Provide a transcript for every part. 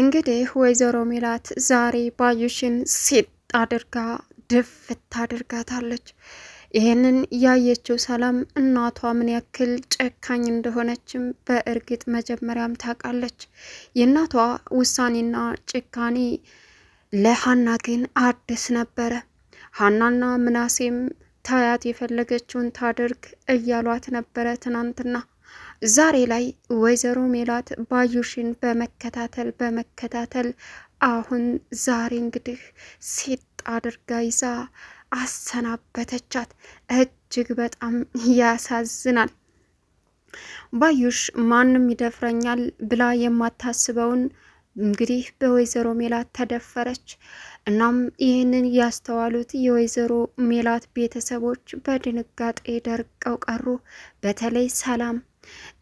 እንግዲህ ወይዘሮ ሜላት ዛሬ ባዩሽን ሴጥ አድርጋ ድፍት አድርጋታለች። ይህንን ያየችው ሰላም እናቷ ምን ያክል ጨካኝ እንደሆነችም በእርግጥ መጀመሪያም ታውቃለች። የእናቷ ውሳኔና ጭካኔ ለሀና ግን አዲስ ነበረ። ሀናና ምናሴም ታያት የፈለገችውን ታድርግ እያሏት ነበረ ትናንትና ዛሬ ላይ ወይዘሮ ሜላት ባዩሽን በመከታተል በመከታተል አሁን ዛሬ እንግዲህ ሴት አድርጋ ይዛ አሰናበተቻት። እጅግ በጣም ያሳዝናል። ባዩሽ ማንም ይደፍረኛል ብላ የማታስበውን እንግዲህ በወይዘሮ ሜላት ተደፈረች። እናም ይህንን ያስተዋሉት የወይዘሮ ሜላት ቤተሰቦች በድንጋጤ ደርቀው ቀሩ። በተለይ ሰላም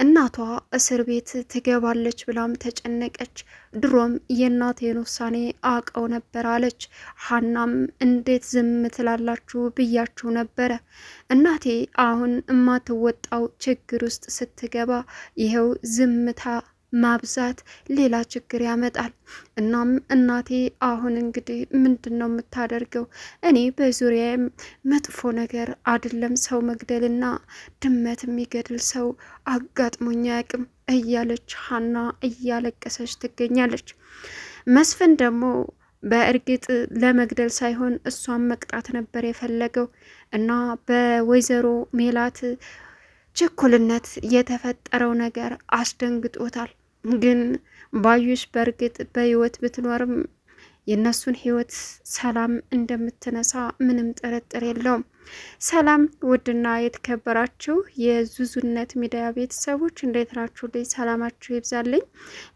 እናቷ እስር ቤት ትገባለች ብላም ተጨነቀች። ድሮም የእናቴን ውሳኔ አውቀው ነበር አለች። ሀናም እንዴት ዝም ትላላችሁ ብያችሁ ነበረ። እናቴ አሁን እማትወጣው ችግር ውስጥ ስትገባ ይኸው ዝምታ ማብዛት ሌላ ችግር ያመጣል። እናም እናቴ አሁን እንግዲህ ምንድን ነው የምታደርገው? እኔ በዙሪያዬም መጥፎ ነገር አይደለም ሰው መግደልና ድመት የሚገድል ሰው አጋጥሞኝ አያውቅም እያለች ሀና እያለቀሰች ትገኛለች። መስፍን ደግሞ በእርግጥ ለመግደል ሳይሆን እሷን መቅጣት ነበር የፈለገው እና በወይዘሮ ሜላት ችኩልነት የተፈጠረው ነገር አስደንግጦታል። ግን ባዩሽ በእርግጥ በህይወት ብትኖርም የእነሱን ህይወት ሰላም እንደምትነሳ ምንም ጥርጥር የለውም። ሰላም ውድና የተከበራችሁ የዙዙነት ሚዲያ ቤተሰቦች እንዴት ናችሁልኝ? ሰላማችሁ ይብዛልኝ።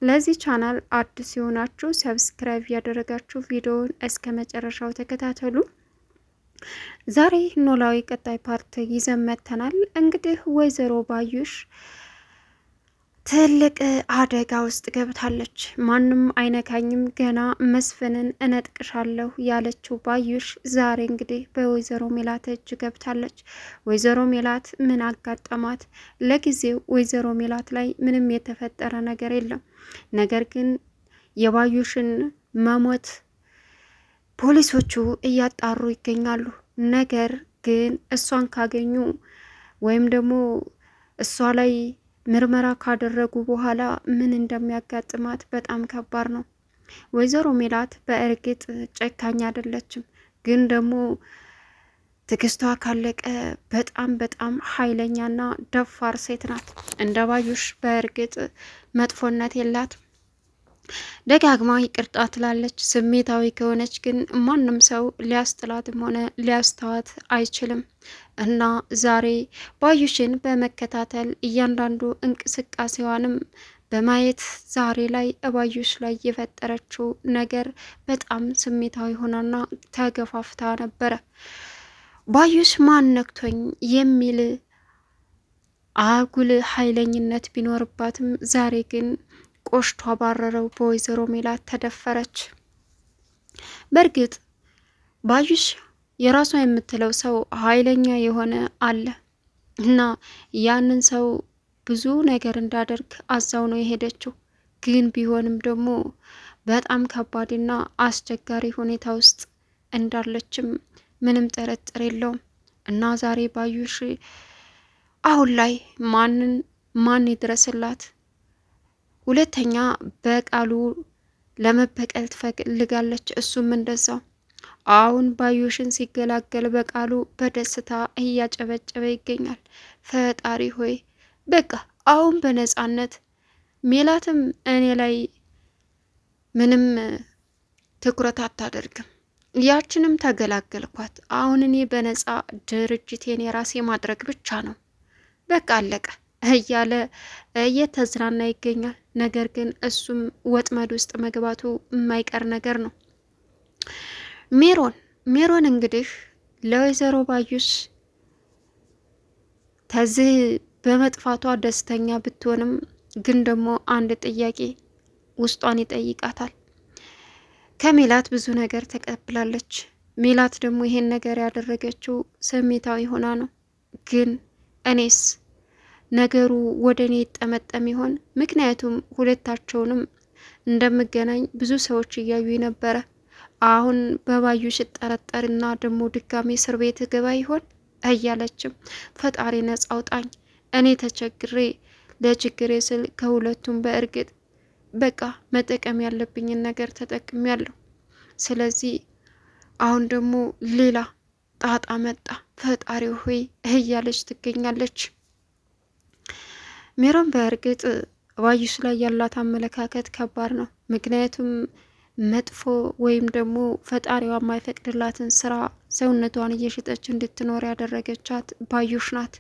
ለዚህ ቻናል አዲስ የሆናችሁ ሰብስክራይብ ያደረጋችሁ ቪዲዮውን እስከ መጨረሻው ተከታተሉ። ዛሬ ኖላዊ ቀጣይ ፓርት ይዘን መጥተናል። እንግዲህ ወይዘሮ ባዩሽ ትልቅ አደጋ ውስጥ ገብታለች። ማንም አይነካኝም፣ ገና መስፍንን እነጥቅሻለሁ ያለችው ባዩሽ ዛሬ እንግዲህ በወይዘሮ ሜላት እጅ ገብታለች። ወይዘሮ ሜላት ምን አጋጠማት? ለጊዜው ወይዘሮ ሜላት ላይ ምንም የተፈጠረ ነገር የለም። ነገር ግን የባዩሽን መሞት ፖሊሶቹ እያጣሩ ይገኛሉ። ነገር ግን እሷን ካገኙ ወይም ደግሞ እሷ ላይ ምርመራ ካደረጉ በኋላ ምን እንደሚያጋጥማት በጣም ከባድ ነው። ወይዘሮ ሜላት በእርግጥ ጨካኝ አይደለችም፣ ግን ደግሞ ትግስቷ ካለቀ በጣም በጣም ኃይለኛና ደፋር ሴት ናት። እንደ ባዩሽ በእርግጥ መጥፎነት የላት ደጋግማ ይቅርታ ትላለች። ስሜታዊ ከሆነች ግን ማንም ሰው ሊያስጥላትም ሆነ ሊያስተዋት አይችልም እና ዛሬ ባዩሽን በመከታተል እያንዳንዱ እንቅስቃሴዋንም በማየት ዛሬ ላይ እባዩሽ ላይ የፈጠረችው ነገር በጣም ስሜታዊ ሆናና ተገፋፍታ ነበረ። ባዩሽ ማን ነክቶኝ የሚል አጉል ኃይለኝነት ቢኖርባትም ዛሬ ግን ቆሽቶ አባረረው። በወይዘሮ ሜላት ተደፈረች። በእርግጥ ባዩሽ የራሷ የምትለው ሰው ኃይለኛ የሆነ አለ እና ያንን ሰው ብዙ ነገር እንዳደርግ አዛው ነው የሄደችው። ግን ቢሆንም ደግሞ በጣም ከባድና አስቸጋሪ ሁኔታ ውስጥ እንዳለችም ምንም ጥርጥር የለውም። እና ዛሬ ባዩሽ አሁን ላይ ማንን ማን ይድረስላት? ሁለተኛ በቃሉ ለመበቀል ትፈልጋለች። እሱም እንደዛው አሁን ባዮሽን ሲገላገል በቃሉ በደስታ እያጨበጨበ ይገኛል። ፈጣሪ ሆይ በቃ አሁን በነፃነት ሜላትም እኔ ላይ ምንም ትኩረት አታደርግም፣ ያችንም ተገላገልኳት። አሁን እኔ በነፃ ድርጅቴን የራሴ ማድረግ ብቻ ነው። በቃ አለቀ። እያለ እየተዝናና ይገኛል። ነገር ግን እሱም ወጥመድ ውስጥ መግባቱ የማይቀር ነገር ነው። ሜሮን ሜሮን እንግዲህ ለወይዘሮ ባዩስ ተዝህ በመጥፋቷ ደስተኛ ብትሆንም ግን ደግሞ አንድ ጥያቄ ውስጧን ይጠይቃታል። ከሜላት ብዙ ነገር ተቀብላለች። ሜላት ደግሞ ይሄን ነገር ያደረገችው ስሜታዊ ሆና ነው። ግን እኔስ ነገሩ ወደ እኔ ይጠመጠም ይሆን? ምክንያቱም ሁለታቸውንም እንደምገናኝ ብዙ ሰዎች እያዩ ነበረ። አሁን በባዩ ጠረጠርና ደግሞ ድጋሜ እስር ቤት ገባ ይሆን እያለችም ፈጣሪ ነጻ አውጣኝ፣ እኔ ተቸግሬ ለችግሬ ስል ከሁለቱም በእርግጥ በቃ መጠቀም ያለብኝን ነገር ተጠቅም ስለዚህ አሁን ደግሞ ሌላ ጣጣ መጣ፣ ፈጣሪ ሆይ እያለች ትገኛለች። ሜሮን በእርግጥ ባዩሽ ላይ ያላት አመለካከት ከባድ ነው። ምክንያቱም መጥፎ ወይም ደግሞ ፈጣሪዋ የማይፈቅድላትን ስራ ሰውነቷን እየሸጠች እንድትኖር ያደረገቻት ባዩሽ ናት።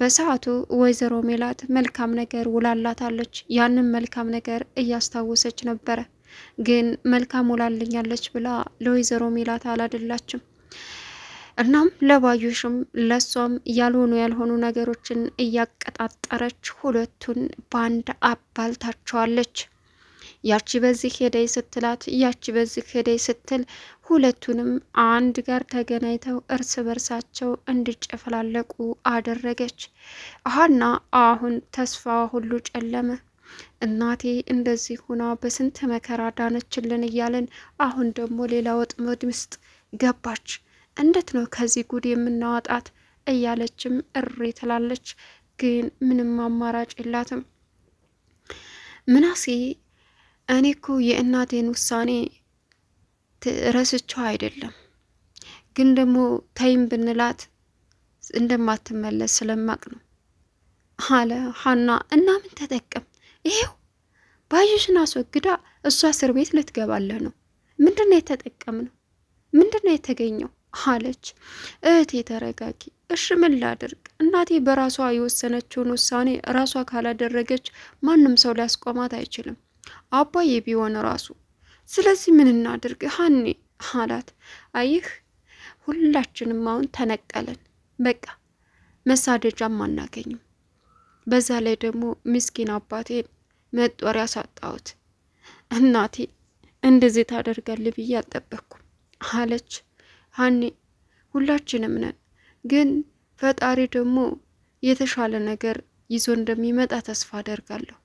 በሰዓቱ ወይዘሮ ሜላት መልካም ነገር ውላላታለች። ያንን መልካም ነገር እያስታወሰች ነበረ። ግን መልካም ውላልኛለች ብላ ለወይዘሮ ሜላት አላደላችም። እናም ለባዩሽም ለሷም ያልሆኑ ያልሆኑ ነገሮችን እያቀጣጠረች ሁለቱን በአንድ አባልታቸዋለች። ያቺ በዚህ ሄደይ ስትላት ያቺ በዚህ ሄደይ ስትል ሁለቱንም አንድ ጋር ተገናኝተው እርስ በርሳቸው እንዲጨፈላለቁ አደረገች። ሀና አሁን ተስፋዋ ሁሉ ጨለመ። እናቴ እንደዚህ ሁና በስንት መከራ ዳነችልን እያለን አሁን ደግሞ ሌላ ወጥመድ ውስጥ ገባች። እንዴት ነው ከዚህ ጉድ የምናወጣት እያለችም እሬ ትላለች። ግን ምንም አማራጭ የላትም። ምናሴ እኔ እኮ የእናቴን ውሳኔ ረስቼው አይደለም፣ ግን ደግሞ ተይም ብንላት እንደማትመለስ ስለማቅ ነው አለ ሀና። እና ምን ተጠቀም? ይሄው ባዩሽን አስወግዳ እሷ እስር ቤት ልትገባለህ ነው። ምንድን ነው የተጠቀም ነው? ምንድን ነው የተገኘው? አለች። እህቴ ተረጋጊ። እሺ ምን ላድርግ? እናቴ በራሷ የወሰነችውን ውሳኔ ራሷ ካላደረገች ማንም ሰው ሊያስቆማት አይችልም፣ አባዬ ቢሆን ራሱ። ስለዚህ ምን እናድርግ ሀኔ አላት። አይህ ሁላችንም አሁን ተነቀለን። በቃ መሳደጃም አናገኝም። በዛ ላይ ደግሞ ምስኪን አባቴን መጦሪያ ሳጣሁት። እናቴ እንደዚህ ታደርጋል ብዬ አልጠበቅኩም አለች። ሀኒ ሁላችንም ነን። ግን ፈጣሪ ደግሞ የተሻለ ነገር ይዞ እንደሚመጣ ተስፋ አደርጋለሁ።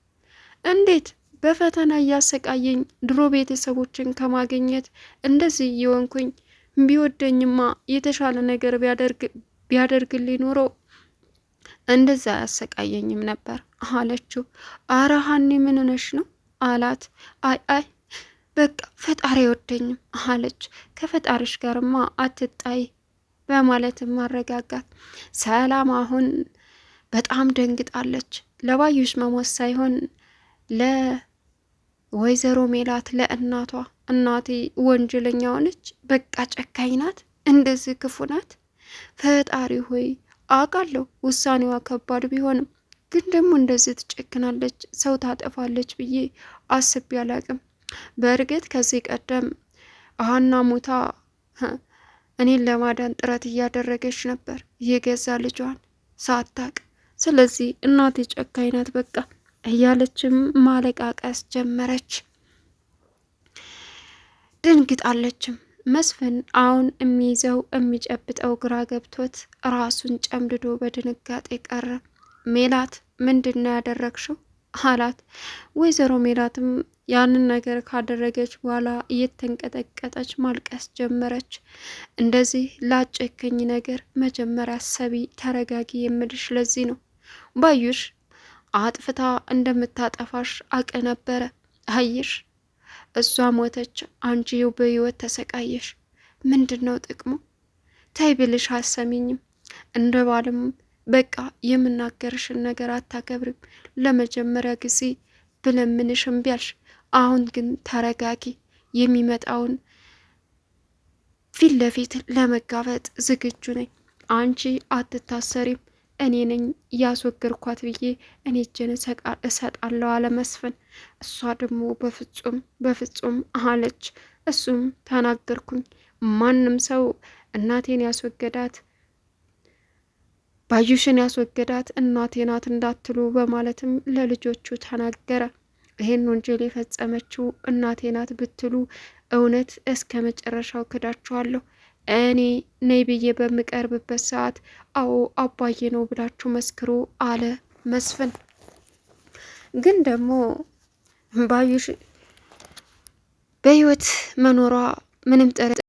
እንዴት በፈተና እያሰቃየኝ ድሮ ቤተሰቦችን ከማግኘት እንደዚህ እየሆንኩኝ ቢወደኝማ የተሻለ ነገር ቢያደርግልኝ ኖሮ እንደዛ አያሰቃየኝም ነበር አለችው። አረ ሀኒ ምን ነው አላት። አይ አይ በቃ ፈጣሪ አይወደኝም አለች። ከፈጣሪሽ ጋርማ አትጣይ በማለትም ማረጋጋት። ሰላም አሁን በጣም ደንግጣለች። ለባዩሽ መሞት ሳይሆን ለወይዘሮ ሜላት ለእናቷ እናቴ ወንጀለኛ ሆነች፣ በቃ ጨካኝ ናት፣ እንደዚህ ክፉ ናት። ፈጣሪ ሆይ አውቃለሁ ውሳኔዋ ከባድ ቢሆንም ግን ደግሞ እንደዚህ ትጨክናለች፣ ሰው ታጠፋለች ብዬ አስቤ አላቅም በእርግጥ ከዚህ ቀደም ሀና ሙታ እኔን ለማዳን ጥረት እያደረገች ነበር የገዛ ልጇን ሳታቅ። ስለዚህ እናቴ ጨካኝ ናት በቃ እያለችም ማለቃቀስ ጀመረች። ድንግጣለችም። መስፍን አሁን የሚይዘው የሚጨብጠው ግራ ገብቶት ራሱን ጨምድዶ በድንጋጤ ቀረ። ሜላት ምንድን ነው ያደረግሽው? አላት። ወይዘሮ ሜላትም ያንን ነገር ካደረገች በኋላ እየተንቀጠቀጠች ማልቀስ ጀመረች። እንደዚህ ላጨከኝ ነገር መጀመሪያ አሰቢ፣ ተረጋጊ የምልሽ ለዚህ ነው። ባዩሽ አጥፍታ እንደምታጠፋሽ አቅ ነበረ። አየሽ፣ እሷ ሞተች፣ አንቺ በህይወት ተሰቃየሽ። ምንድን ነው ጥቅሙ? ተይ ብልሽ አሰሚኝም እንደ ባልም በቃ የምናገርሽን ነገር አታከብሪም። ለመጀመሪያ ጊዜ ብለምንሽ እምቢ አልሽ። አሁን ግን ተረጋጊ። የሚመጣውን ፊት ለፊት ለመጋፈጥ ዝግጁ ነኝ። አንቺ አትታሰሪም፣ እኔ ነኝ ያስወገድኳት ብዬ እኔ እጄን እሰጣለሁ አለ መስፍን። እሷ ደግሞ በፍጹም በፍጹም አለች። እሱም ተናገርኩኝ፣ ማንም ሰው እናቴን ያስወገዳት ባዩሽን ያስወገዳት እናቴ ናት እንዳትሉ በማለትም ለልጆቹ ተናገረ። ይህን ወንጀል የፈጸመችው እናቴ ናት ብትሉ እውነት እስከ መጨረሻው ክዳችኋለሁ። እኔ ነይ ብዬ በምቀርብበት ሰዓት አዎ አባዬ ነው ብላችሁ መስክሩ አለ መስፍን። ግን ደግሞ ባዩሽ በህይወት መኖሯ ምንም ጥር